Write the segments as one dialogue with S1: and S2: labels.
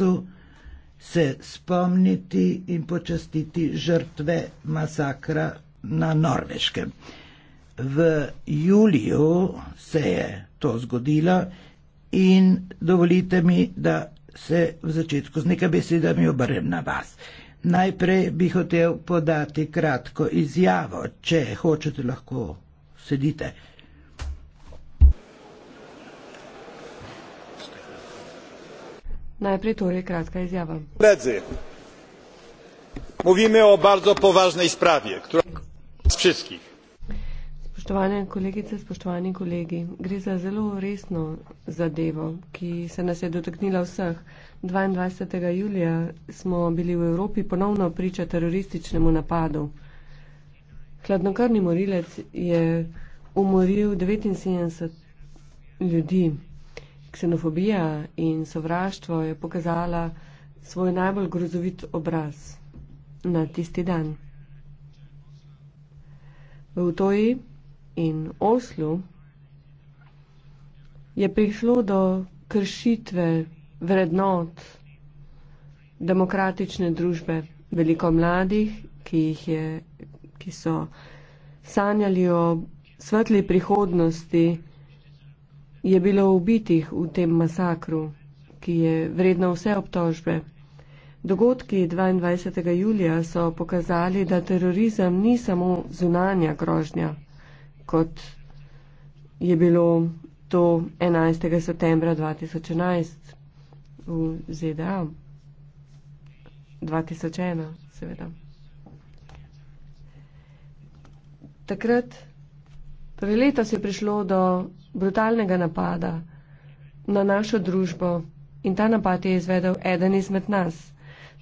S1: času se spomniti in počastiti žrtve masakra na Norveškem. V juliju se je to zgodilo in dovolite mi, da se v začetku z nekaj besedami obrnem na vas. Najprej bi hotel podati kratko izjavo, če hočete lahko sedite. Najprej
S2: torej kratka izjava.
S3: Koledzy, mówimy o bardzo poważnej
S1: sprawie, która z wszystkich.
S2: Spoštovane kolegice, spoštovani kolegi, gre za zelo resno zadevo, ki se nas je dotaknila vseh. 22. julija smo bili v Evropi ponovno priča terorističnemu napadu. Hladnokrvni morilec je umoril 79 ljudi ksenofobija in sovraštvo je pokazala svoj najbolj grozovit obraz na tisti dan. V Utoji in Oslu je prišlo do kršitve vrednot demokratične družbe. Veliko mladih, ki, jih je, ki so sanjali o svetli prihodnosti, je bilo ubitih v tem masakru, ki je vredno vse obtožbe. Dogodki 22. julija so pokazali, da terorizem ni samo zunanja grožnja, kot je bilo to 11. septembra 2011 v ZDA. 2001, seveda. Takrat, torej leta se je prišlo do brutalnega napada na našo družbo in ta napad je izvedel eden izmed nas.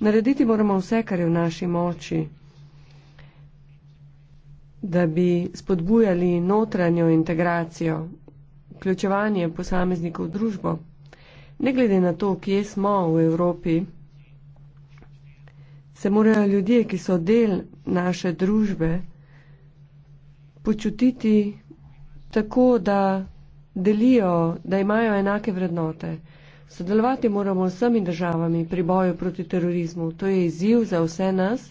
S2: Narediti moramo vse, kar je v naši moči, da bi spodbujali notranjo integracijo, vključevanje posameznikov v družbo. Ne glede na to, kje smo v Evropi, se morajo ljudje, ki so del naše družbe, počutiti tako, da delijo, da imajo enake vrednote. Sodelovati moramo z vsemi državami pri boju proti terorizmu. To je izziv za vse nas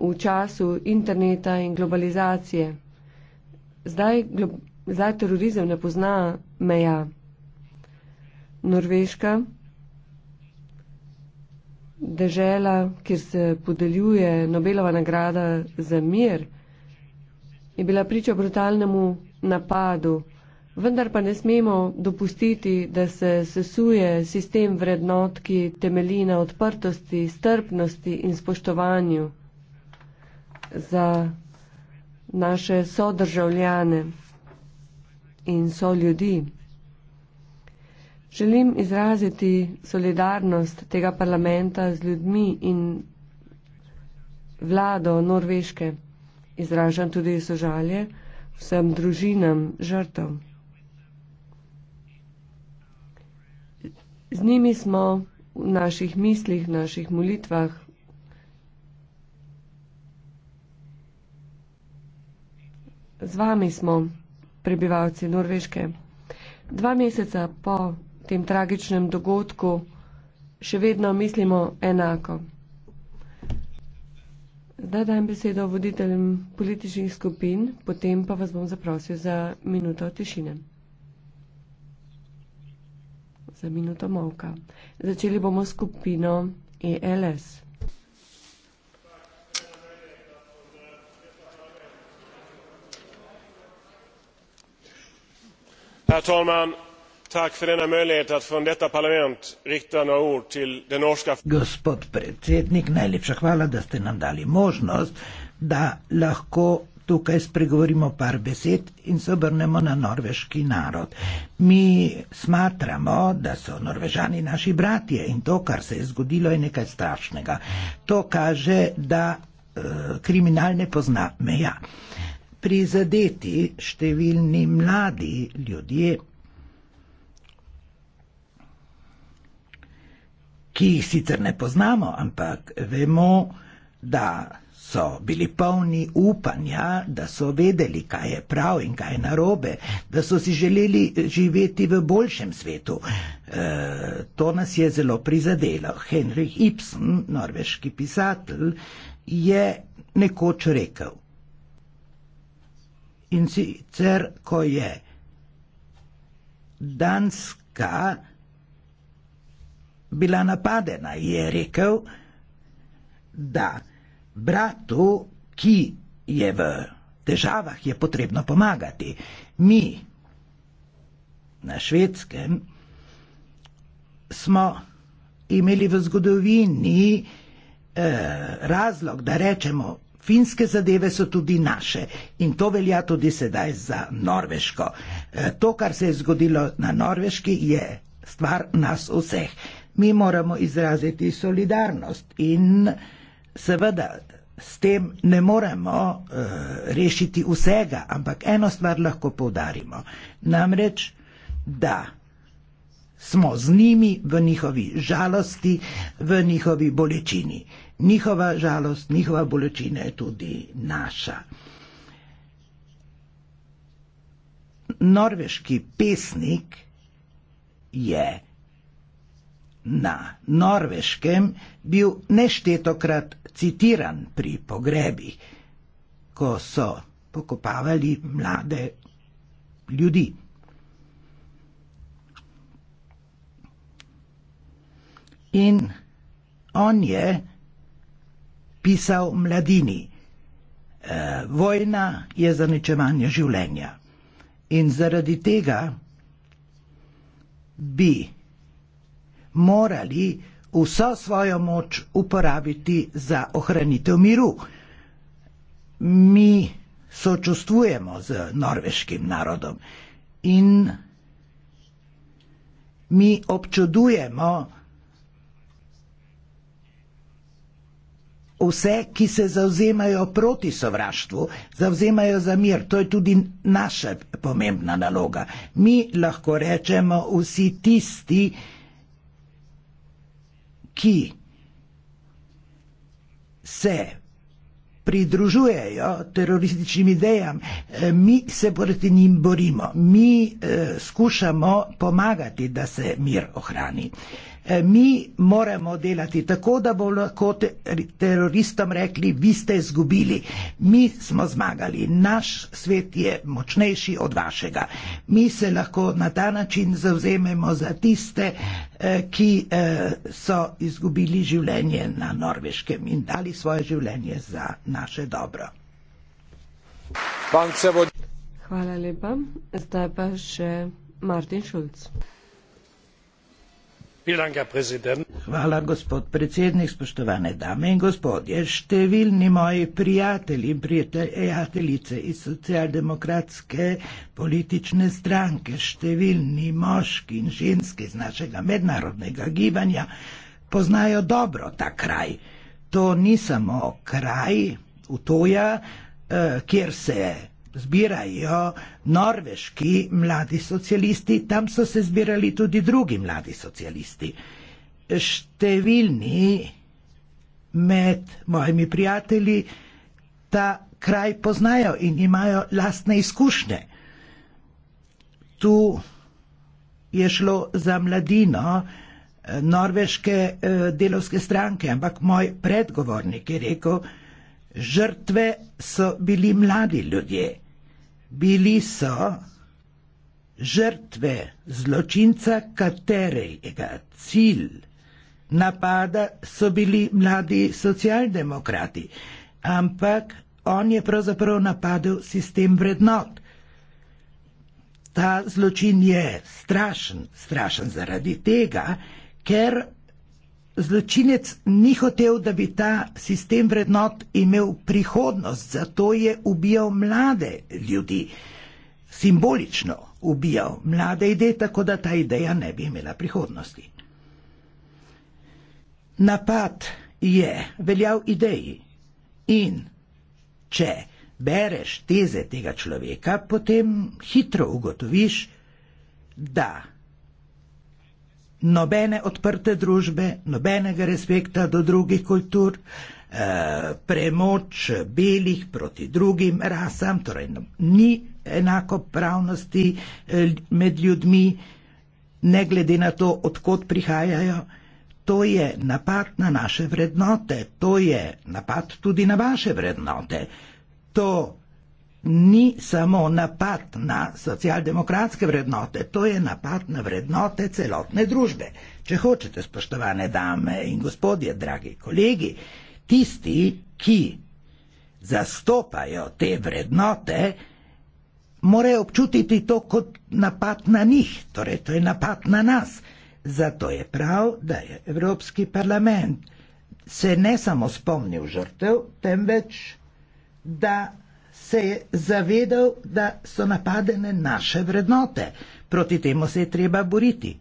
S2: v času interneta in globalizacije. Zdaj, glo zdaj terorizem ne pozna meja. Norveška, dežela, kjer se podeljuje Nobelova nagrada za mir, je bila priča brutalnemu napadu. Vendar pa ne smemo dopustiti, da se sesuje sistem vrednot, ki temelji na odprtosti, strpnosti in spoštovanju za naše sodržavljane in so ljudi. Želim izraziti solidarnost tega parlamenta z ljudmi in vlado Norveške. Izražam tudi sožalje vsem družinam žrtev. Z njimi smo v naših mislih, v naših molitvah. Z vami smo, prebivalci Norveške. Dva meseca po tem tragičnem dogodku še vedno mislimo enako. Zdaj dajem besedo voditeljem političnih skupin, potem pa vas bom zaprosil za minuto tišine za minuto molka. Začeli bomo skupino ELS.
S1: Herr talman, tack för denna möjlighet att från detta parlament rikta några ord till det norska... Gospod predsednik, najlepša hvala, da ste nam dali možnost, da lahko tukaj spregovorimo par besed in se obrnemo na norveški narod. Mi smatramo, da so norvežani naši bratje in to, kar se je zgodilo, je nekaj strašnega. To kaže, da e, kriminal ne pozna meja. Prizadeti številni mladi ljudje, ki jih sicer ne poznamo, ampak vemo, da so bili polni upanja, da so vedeli, kaj je prav in kaj je narobe, da so si želeli eh, živeti v boljšem svetu. E, to nas je zelo prizadelo. Henrik Ibsen, norveški pisatelj, je nekoč rekel. In sicer, ko je Danska bila napadena, je rekel, da bratu, ki je v težavah, je potrebno pomagati. Mi na švedskem smo imeli v zgodovini eh, razlog, da rečemo, Finske zadeve so tudi naše in to velja tudi sedaj za Norveško. Eh, to, kar se je zgodilo na Norveški, je stvar nas vseh. Mi moramo izraziti solidarnost in eh, Seveda s tem ne moremo uh, rešiti vsega, ampak eno stvar lahko povdarimo. Namreč, da smo z njimi v njihovi žalosti, v njihovi bolečini. Njihova žalost, njihova bolečina je tudi naša. Norveški pesnik je yeah na norveškem bil neštetokrat citiran pri pogrebi, ko so pokopavali mlade ljudi. In on je pisal mladini, e, vojna je zaničevanje življenja. In zaradi tega bi morali vso svojo moč uporabiti za ohranitev miru. Mi sočustvujemo z norveškim narodom in mi občudujemo vse, ki se zauzemajo proti sovraštvu, zauzemajo za mir. To je tudi naša pomembna naloga. Mi lahko rečemo vsi tisti, ki ki se pridružujejo terorističnim idejam, eh, mi se proti njim borimo. Mi eh, skušamo pomagati, da se mir ohrani. Eh, mi moramo delati tako, da bo lahko teroristom rekli, vi ste izgubili, mi smo zmagali, naš svet je močnejši od vašega. Mi se lahko na ta način zauzememo za tiste, eh, ki eh, so izgubili življenje na Norveškem in dali svoje življenje za naše dobro.
S2: Hvala lepa. Zdaj pa še
S1: Martin Šulc. Hvala, gospod predsednik, spoštovane dame in gospodje. Številni moji prijatelji in prijateljice iz socialdemokratske politične stranke, številni moški in ženske iz našega mednarodnega gibanja poznajo dobro ta kraj. To ni samo kraj Utoja, eh, kjer se zbirajo norveški mladi socialisti, tam so se zbirali tudi drugi mladi socialisti. Številni med mojimi prijatelji ta kraj poznajo in imajo lastne izkušnje. Tu je šlo za mladino eh, norveške eh, delovske stranke, ampak moj predgovornik je rekel, Žrtve so bili mladi ljudje, bili so žrtve zločinca, katerega cilj napada so bili mladi socialdemokrati, ampak on je pravzaprav napadel sistem vrednot. Ta zločin je strašen, strašen zaradi tega, ker Zločinec ni hotel, da bi ta sistem vrednot imel prihodnost, zato je ubijal mlade ljudi, simbolično ubijal mlade ideje, tako da ta ideja ne bi imela prihodnosti. Napad je veljal ideji in če bereš teze tega človeka, potem hitro ugotoviš, da nobene odprte družbe, nobenega respekta do drugih kultur, eh, premoč belih proti drugim rasam, torej no, ni enakopravnosti eh, med ljudmi, ne glede na to, odkot prihajajo. To je napad na naše vrednote, to je napad tudi na vaše vrednote. To ni samo napad na socialdemokratske vrednote, to je napad na vrednote celotne družbe. Če hočete, spoštovane dame in gospodje, dragi kolegi, tisti, ki zastopajo te vrednote, morajo občutiti to kot napad na njih, torej to je napad na nas. Zato je prav, da je Evropski parlament se ne samo spomnil žrtev, temveč da se je zavedal, da so napadene naše vrednote. Proti temu se je treba boriti.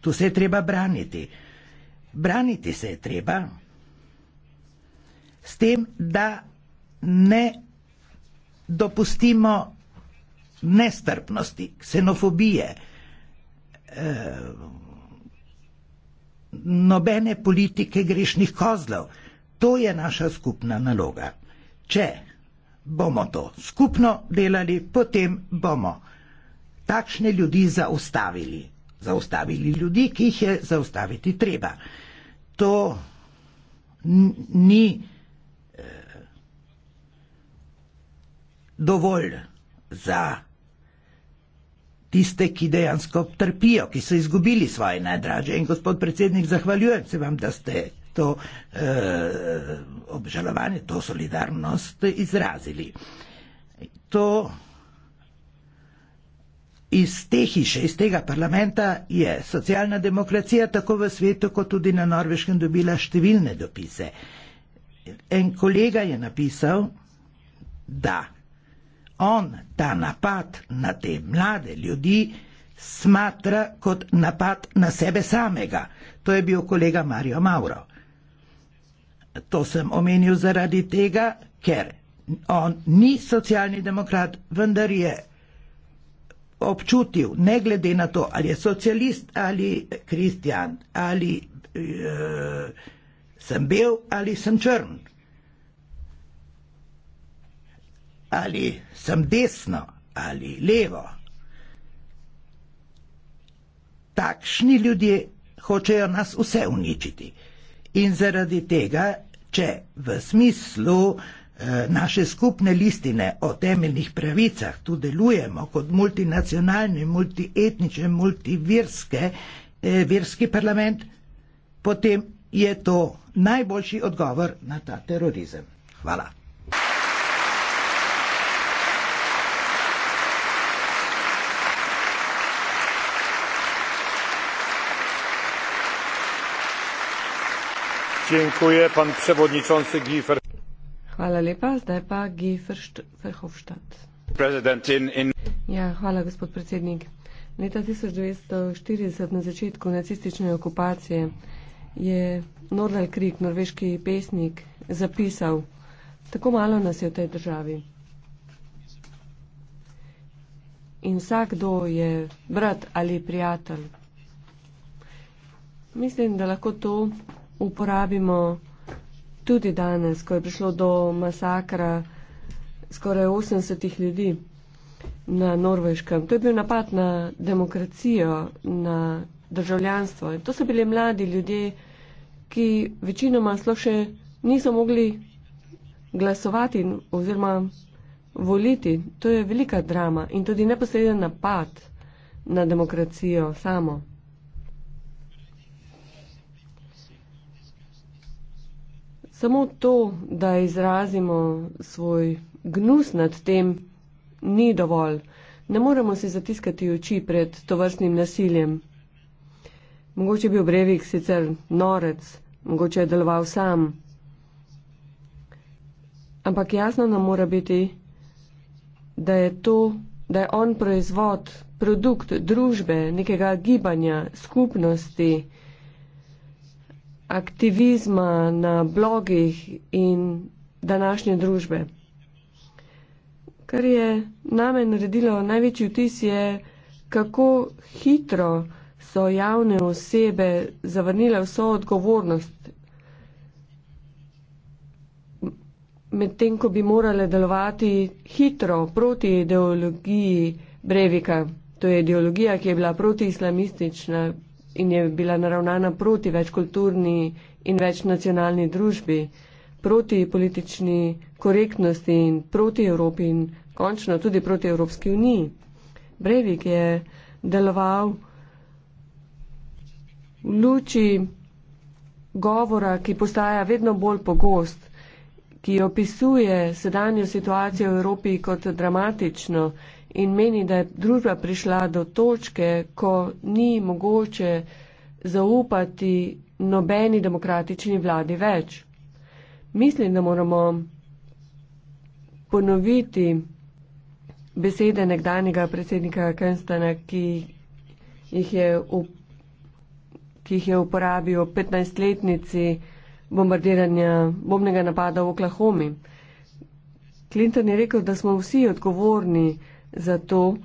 S1: Tu se je treba braniti. Braniti se je treba s tem, da ne dopustimo nestrpnosti, ksenofobije, eh, nobene politike grešnih kozlov. To je naša skupna naloga. Če bomo to skupno delali, potem bomo takšne ljudi zaustavili. Zaustavili ljudi, ki jih je zaustaviti treba. To ni eh, dovolj za tiste, ki dejansko trpijo, ki so izgubili svoje najdraže. In gospod predsednik, zahvaljujem se vam, da ste to eh, obžalovanje, to solidarnost izrazili. To iz te hiše, iz tega parlamenta je socialna demokracija tako v svetu, kot tudi na Norveškem dobila številne dopise. En kolega je napisal, da on ta napad na te mlade ljudi smatra kot napad na sebe samega. To je bil kolega Mario Mauro. To sem omenil zaradi tega, ker on ni socialni demokrat, vendar je občutil, ne glede na to, ali je socialist ali kristjan, ali uh, sem bel ali sem črn, ali sem desno ali levo. Takšni ljudje hočejo nas vse uničiti in zaradi tega, če v smislu eh, naše skupne listine o temeljnih pravicah tu delujemo kot multinacionalni, multietnični, multivirske, eh, virski parlament, potem je to najboljši odgovor na ta terorizem. Hvala. Dziękuję pan przewodniczący Giefer.
S2: Hvala lepa, zdaj pa Giefer-Verhofstadt. Ja, hvala, gospod predsednik. Leta 1940 na začetku nacistične okupacije je Nordal Krik, norveški pesnik, zapisal, tako malo nas je v tej državi. In vsakdo je brat ali prijatelj. Mislim, da lahko to uporabimo tudi danes, ko je prišlo do masakra skoraj 80 ljudi na Norveškem. To je bil napad na demokracijo, na državljanstvo. In to so bili mladi ljudje, ki večinoma sploh še niso mogli glasovati oziroma voliti. To je velika drama in tudi neposreden napad na demokracijo samo. Samo to, da izrazimo svoj gnus nad tem, ni dovolj. Ne moremo si zatiskati oči pred tovrstnim nasiljem. Mogoče bi obrevik sicer norec, mogoče je deloval sam. Ampak jasno nam mora biti, da je to, da je on proizvod, produkt družbe, nekega gibanja, skupnosti aktivizma na blogih in današnje družbe. Kar je name naredilo največji vtis je, kako hitro so javne osebe zavrnile vso odgovornost, medtem ko bi morale delovati hitro proti ideologiji Brevika. To je ideologija, ki je bila protislamistična, in je bila naravnana proti večkulturni in večnacionalni družbi, proti politični korektnosti in proti Evropi in končno tudi proti Evropski uniji. Brevik je deloval v luči govora, ki postaja vedno bolj pogost, ki opisuje sedanjo situacijo v Evropi kot dramatično in meni, da je družba prišla do točke, ko ni mogoče zaupati nobeni demokratični vladi več. Mislim, da moramo ponoviti besede nekdanjega predsednika Kenstana, ki jih je, up, ki jih je uporabil v 15-letnici bombardiranja bombnega napada v Oklahomi. Clinton je rekel, da smo vsi odgovorni za to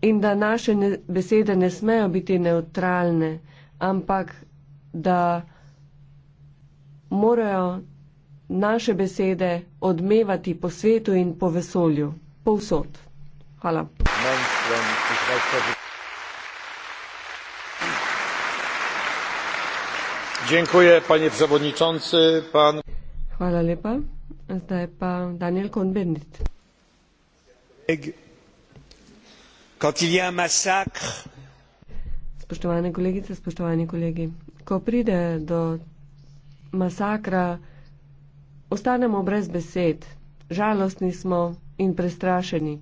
S2: in da naše ne, besede ne smejo biti neutralne, ampak da morajo naše besede odmevati po svetu in po vesolju, povsod. Hvala.
S1: Dziękuję, panie przewodniczący. Pan...
S2: Hvala lepa. Zdaj pa Daniel Kohn-Bendit
S1: quand il y a un massacre
S2: Spoštovane kolegice, spoštovani kolegi, ko pride do masakra, ostanemo brez besed, žalostni smo in prestrašeni.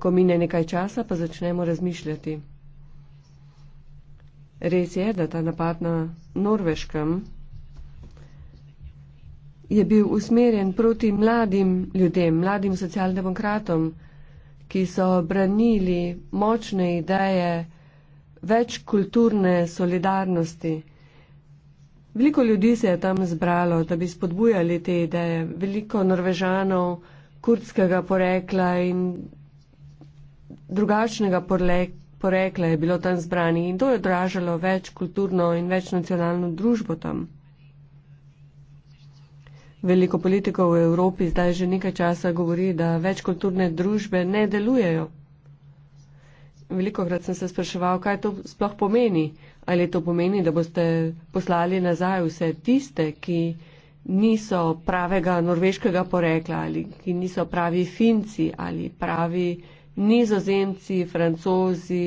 S2: Ko mine nekaj časa, pa začnemo razmišljati. Res je, da ta napad na Norveškem je bil usmerjen proti mladim ljudem, mladim socialdemokratom, ki so branili močne ideje večkulturne solidarnosti. Veliko ljudi se je tam zbralo, da bi spodbujali te ideje. Veliko norvežanov, kurdskega porekla in drugačnega porekla je bilo tam zbrani in to je odražalo večkulturno in večnacionalno družbo tam. Veliko politikov v Evropi zdaj že nekaj časa govori, da večkulturne družbe ne delujejo. Velikokrat sem se spraševal, kaj to sploh pomeni. Ali to pomeni, da boste poslali nazaj vse tiste, ki niso pravega norveškega porekla, ali ki niso pravi finci, ali pravi nizozemci, francozi,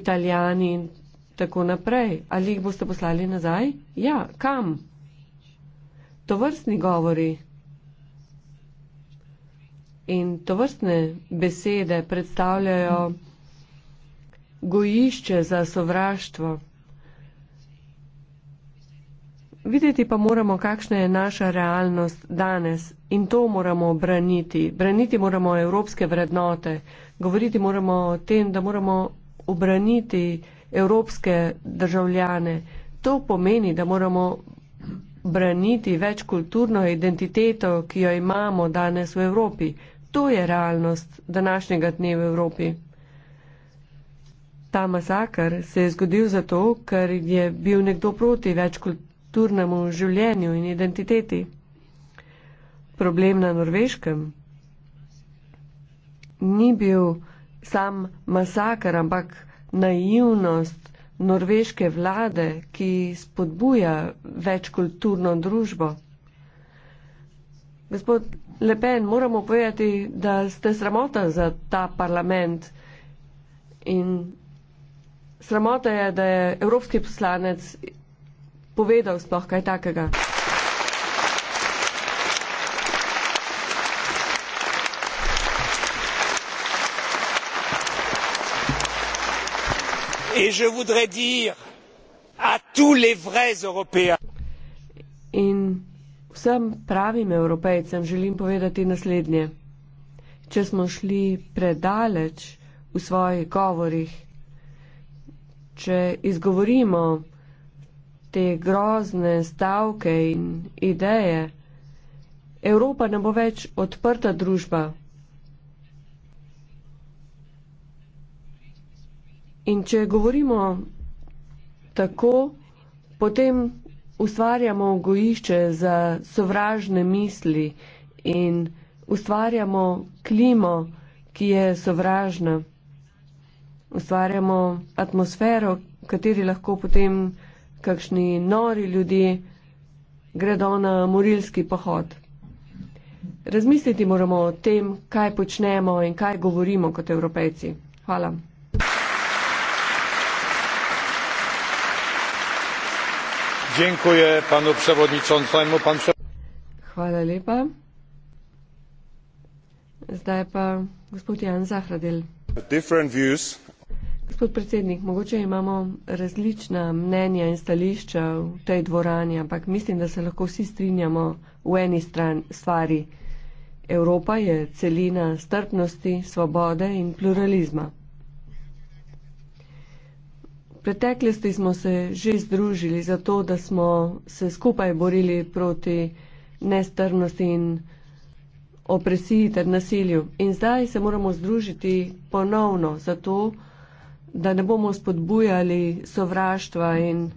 S2: italijani in tako naprej. Ali jih boste poslali nazaj? Ja, kam? to vrstni govori in to vrstne besede predstavljajo gojišče za sovraštvo. Videti pa moramo, kakšna je naša realnost danes in to moramo braniti. Braniti moramo evropske vrednote, govoriti moramo o tem, da moramo obraniti evropske državljane. To pomeni, da moramo braniti večkulturno identiteto, ki jo imamo danes v Evropi. To je realnost današnjega dne v Evropi. Ta masakr se je zgodil zato, ker je bil nekdo proti večkulturnemu življenju in identiteti. Problem na norveškem ni bil sam masakr, ampak naivnost norveške vlade, ki spodbuja večkulturno družbo. Gospod Lepen, moramo povedati, da ste sramota za ta parlament in sramota je, da je evropski poslanec povedal sploh kaj takega.
S1: et je voudrais dire à tous les vrais européens
S2: In vsem pravim evropejcem želim povedati naslednje. Če smo šli predaleč v svojih govorih, če izgovorimo te grozne stavke in ideje, Evropa ne bo več odprta družba. In če govorimo tako, potem ustvarjamo gojišče za sovražne misli in ustvarjamo klimo, ki je sovražna. Ustvarjamo atmosfero, v kateri lahko potem kakšni nori ljudje gredo na morilski pohod. Razmisliti moramo o tem, kaj počnemo in kaj govorimo kot evropejci. Hvala.
S1: Dziękuję panu przewodniczącemu. Pan prze...
S2: Hvala lepa. Zdaj pa gospod Jan Zahradel. Gospod predsednik, mogoče imamo različna mnenja in stališča v tej dvorani, ampak mislim, da se lahko vsi strinjamo v eni stran stvari. Evropa je celina strpnosti, svobode in pluralizma preteklosti smo se že združili zato, da smo se skupaj borili proti nestrnosti in opresiji ter nasilju. In zdaj se moramo združiti ponovno zato, da ne bomo spodbujali sovraštva in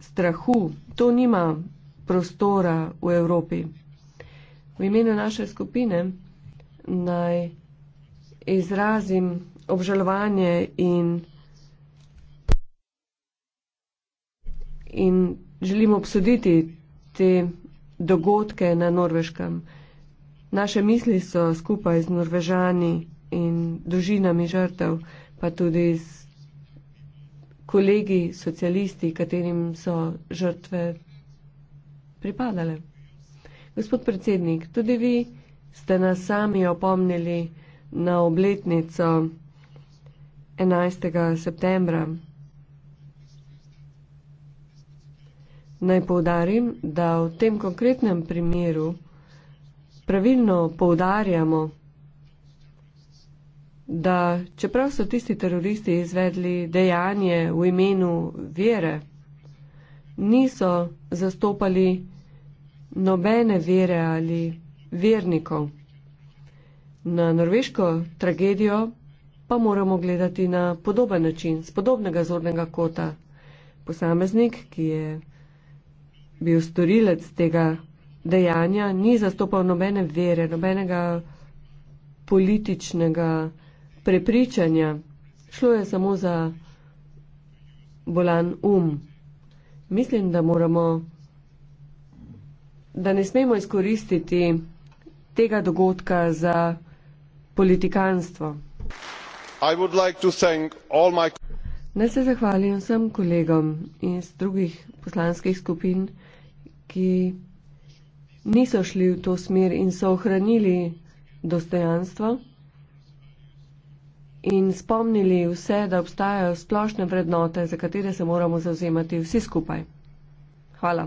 S2: strahu. To nima prostora v Evropi. V imenu naše skupine naj izrazim obžalovanje in, in želimo obsoditi te dogodke na Norveškem. Naše misli so skupaj z Norvežani in družinami žrtev, pa tudi z kolegi socialisti, katerim so žrtve pripadale. Gospod predsednik, tudi vi ste nas sami opomnili na obletnico 11. septembra. Naj poudarim, da v tem konkretnem primeru pravilno poudarjamo, da čeprav so tisti teroristi izvedli dejanje v imenu vere, niso zastopali nobene vere ali vernikov. Na norveško tragedijo pa moramo gledati na podoben način, z podobnega zornega kota. Posameznik, ki je bil storilec tega dejanja, ni zastopal nobene vere, nobenega političnega prepričanja. Šlo je samo za bolan um. Mislim, da moramo, da ne smemo izkoristiti tega dogodka za politikanstvo. Naj se zahvalim vsem kolegom iz drugih poslanskih skupin, ki niso šli v to smer in so ohranili dostojanstvo in spomnili vse, da obstajajo splošne vrednote, za katere se moramo zauzemati vsi skupaj. Hvala.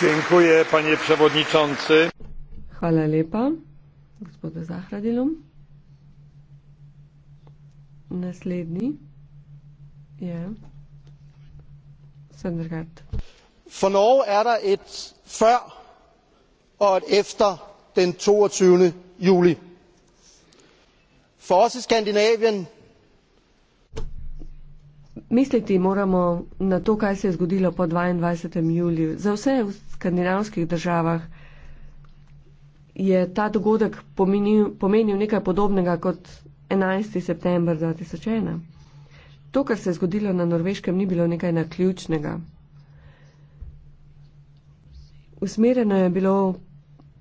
S1: Dziękuję, panie przewodniczący.
S2: Hvala lepa, gospodu Zahradilom. Naslednji je Sendergaard.
S3: For Norge er der et før og et efter den 22. juli. For os i Skandinavien
S2: Misliti moramo na to, kaj se je zgodilo po 22. juliju. Za vse v skandinavskih državah je ta dogodek pomenil, pomenil nekaj podobnega kot 11. september 2001. To, kar se je zgodilo na norveškem, ni bilo nekaj naključnega. Usmerjeno je bilo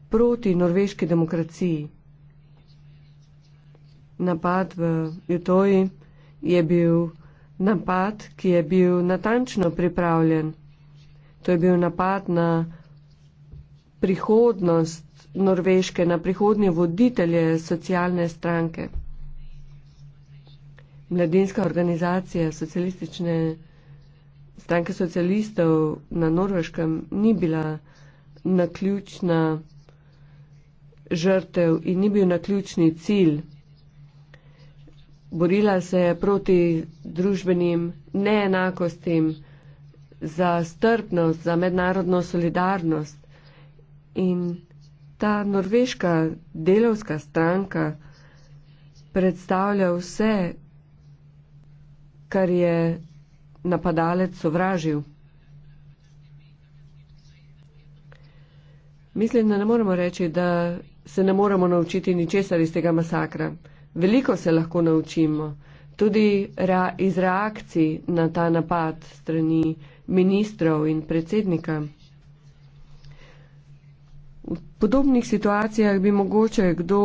S2: proti norveški demokraciji. Napad v Jutoji je bil napad, ki je bil natančno pripravljen. To je bil napad na prihodnost Norveške, na prihodnje voditelje socialne stranke mladinska organizacija socialistične stranke socialistov na Norveškem ni bila naključna žrtev in ni bil naključni cilj. Borila se je proti družbenim neenakostim za strpnost, za mednarodno solidarnost in ta norveška delovska stranka predstavlja vse, kar je napadalec sovražil. Mislim, da ne moremo reči, da se ne moremo naučiti ničesar iz tega masakra. Veliko se lahko naučimo. Tudi rea iz reakcij na ta napad strani ministrov in predsednika. V podobnih situacijah bi mogoče kdo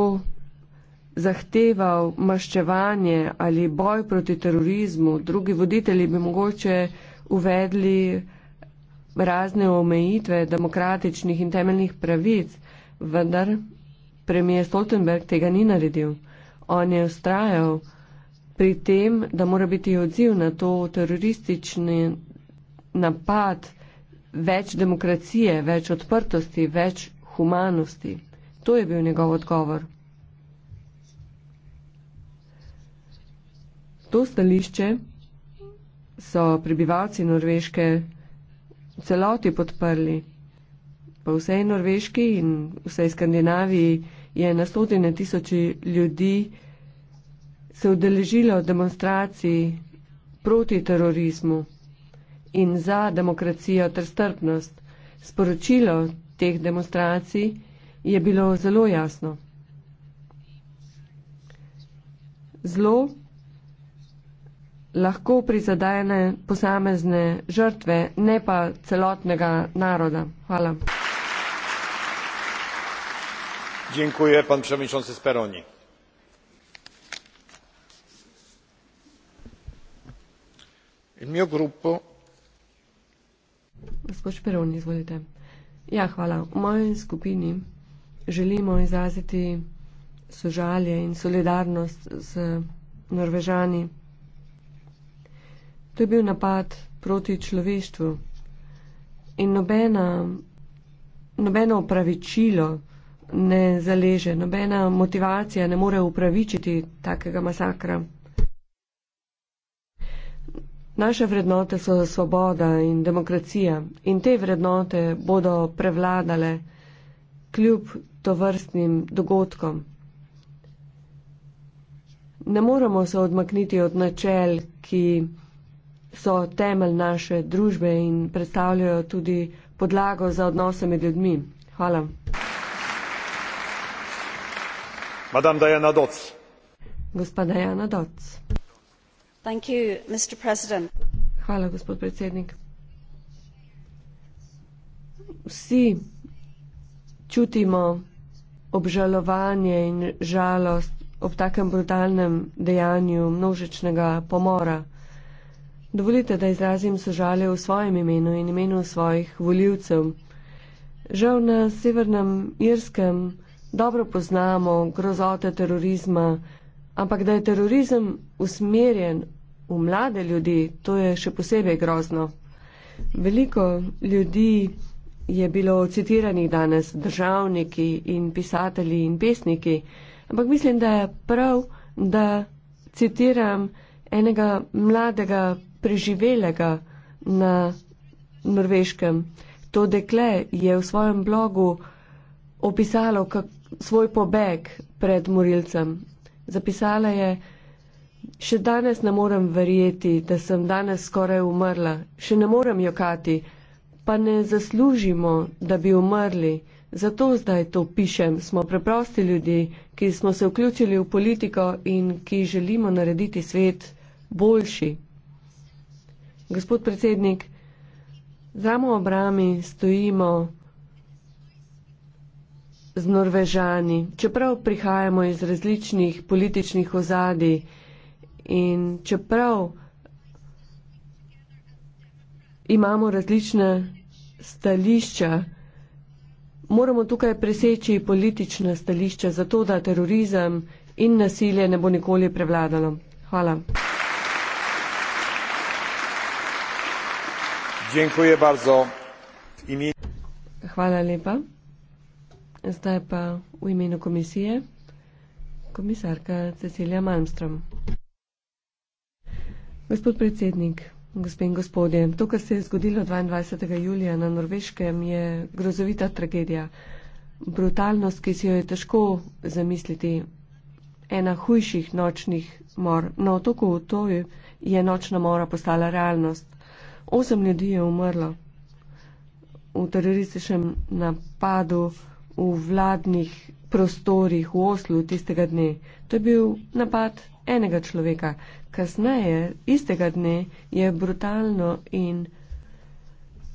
S2: zahteval maščevanje ali boj proti terorizmu, drugi voditelji bi mogoče uvedli razne omejitve demokratičnih in temeljnih pravic, vendar premijer Stoltenberg tega ni naredil. On je ustrajal pri tem, da mora biti odziv na to teroristični napad več demokracije, več odprtosti, več humanosti. To je bil njegov odgovor. to stališče so prebivalci Norveške v celoti podprli. Po vsej Norveški in vsej Skandinaviji je na stotine tisoči ljudi se udeležilo demonstraciji proti terorizmu in za demokracijo ter strpnost. Sporočilo teh demonstracij je bilo zelo jasno. Zlo lahko prizadene posamezne žrtve, ne pa celotnega naroda. Hvala.
S3: Dziękuję pan przewodniczący Speroni.
S1: Il mio gruppo
S2: Gospod Speroni, izvolite. Ja, hvala. V moji skupini želimo izraziti sožalje in solidarnost z Norvežani. To je bil napad proti človeštvu in nobena, nobeno opravičilo ne zaleže, nobena motivacija ne more upravičiti takega masakra. Naše vrednote so svoboda in demokracija in te vrednote bodo prevladale kljub tovrstnim dogodkom. Ne moremo se odmakniti od načel, ki so temelj naše družbe in predstavljajo tudi podlago za odnose med ljudmi. Hvala.
S3: Madame Diana Dodds.
S2: Gospoda Diana Dodds. Thank you, Mr. President. Hvala, gospod predsednik. Vsi čutimo obžalovanje in žalost ob takem brutalnem dejanju množičnega pomora. Dovolite, da izrazim sožalje v svojem imenu in imenu svojih voljivcev. Žal na Severnem Irskem dobro poznamo grozote terorizma, ampak da je terorizem usmerjen v mlade ljudi, to je še posebej grozno. Veliko ljudi je bilo citiranih danes, državniki in pisatelji in pesniki, ampak mislim, da je prav, da citiram enega mladega preživelega na norveškem. To dekle je v svojem blogu opisalo kak, svoj pobeg pred morilcem. Zapisala je, še danes ne morem verjeti, da sem danes skoraj umrla, še ne morem jokati, pa ne zaslužimo, da bi umrli. Zato zdaj to pišem, smo preprosti ljudi, ki smo se vključili v politiko in ki želimo narediti svet boljši. Gospod predsednik, zamo obrami stojimo z Norvežani, čeprav prihajamo iz različnih političnih ozadij in čeprav imamo različne stališča, moramo tukaj preseči politična stališča, zato da terorizem in nasilje ne bo nikoli prevladalo. Hvala.
S3: Dziękuję bardzo. W imieniu...
S2: Hvala lepa. Zdaj pa v imenu komisije komisarka Cecilija Malmström. Gospod predsednik, gospe in gospodje, to, kar se je zgodilo 22. julija na Norveškem, je grozovita tragedija. Brutalnost, ki si jo je težko zamisliti, ena hujših nočnih mor. Na otoku to je nočna mora postala realnost. Osem ljudi je umrlo v terorističnem napadu v vladnih prostorih v Oslu tistega dne. To je bil napad enega človeka. Kasneje, istega dne, je brutalno in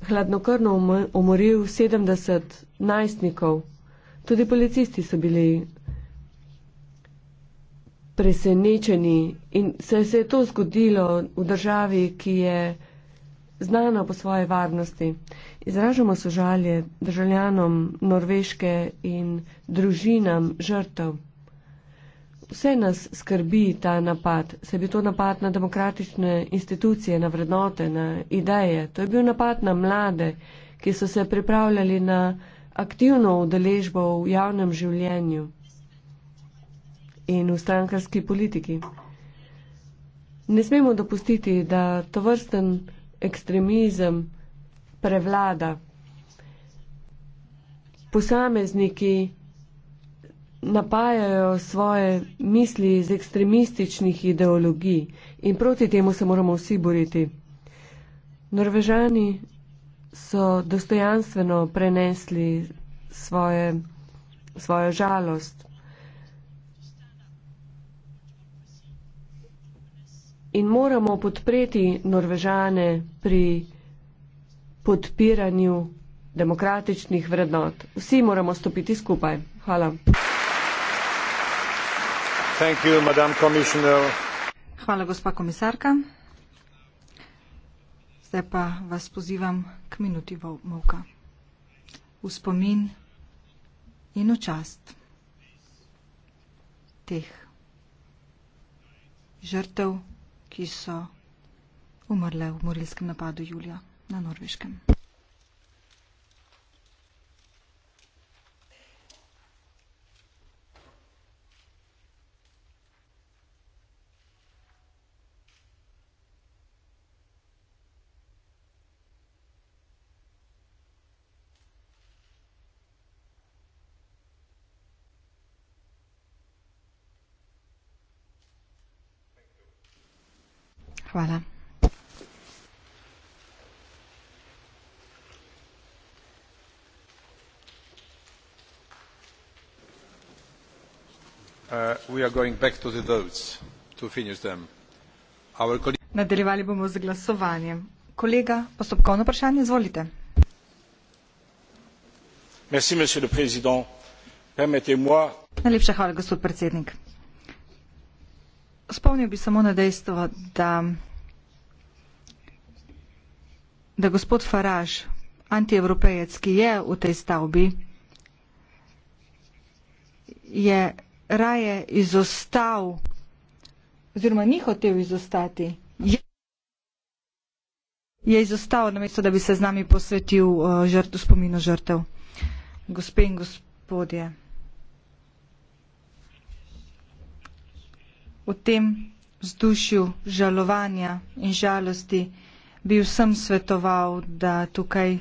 S2: hladnokrno umoril 70 najstnikov. Tudi policisti so bili presenečeni in se, se je to zgodilo v državi, ki je znana po svoji varnosti. Izražamo sožalje državljanom Norveške in družinam žrtev. Vse nas skrbi ta napad. Se bi to napad na demokratične institucije, na vrednote, na ideje. To je bil napad na mlade, ki so se pripravljali na aktivno udeležbo v javnem življenju in v strankarski politiki. Ne smemo dopustiti, da to vrsten ekstremizem prevlada. Posamezniki napajajo svoje misli iz ekstremističnih ideologij in proti temu se moramo vsi boriti. Norvežani so dostojanstveno prenesli svoje, svojo žalost. in moramo podpreti Norvežane pri podpiranju demokratičnih vrednot. Vsi moramo stopiti
S3: skupaj. Hvala.
S1: You,
S3: Hvala, gospa komisarka. Zdaj pa vas pozivam k minuti molka. V spomin in v čast teh žrtev ki so umrle v morilskem napadu Julija na Norveškem. Hvala. Uh, Nadaljevali bomo z glasovanjem. Kolega, postopkovno vprašanje, izvolite. Merci, monsieur le président.
S1: Permettez-moi.
S3: Najlepša hvala, gospod predsednik. Spomnil bi samo na dejstvo, da da gospod Faraž, antievropejec, ki je v tej stavbi, je raje izostal oziroma ni hotel izostati. Je je izostal, namesto da bi se z nami posvetil uh, žrt, spominu žrtev. Gospe in gospodje, v tem vzdušju žalovanja in žalosti, bi vsem svetoval, da tukaj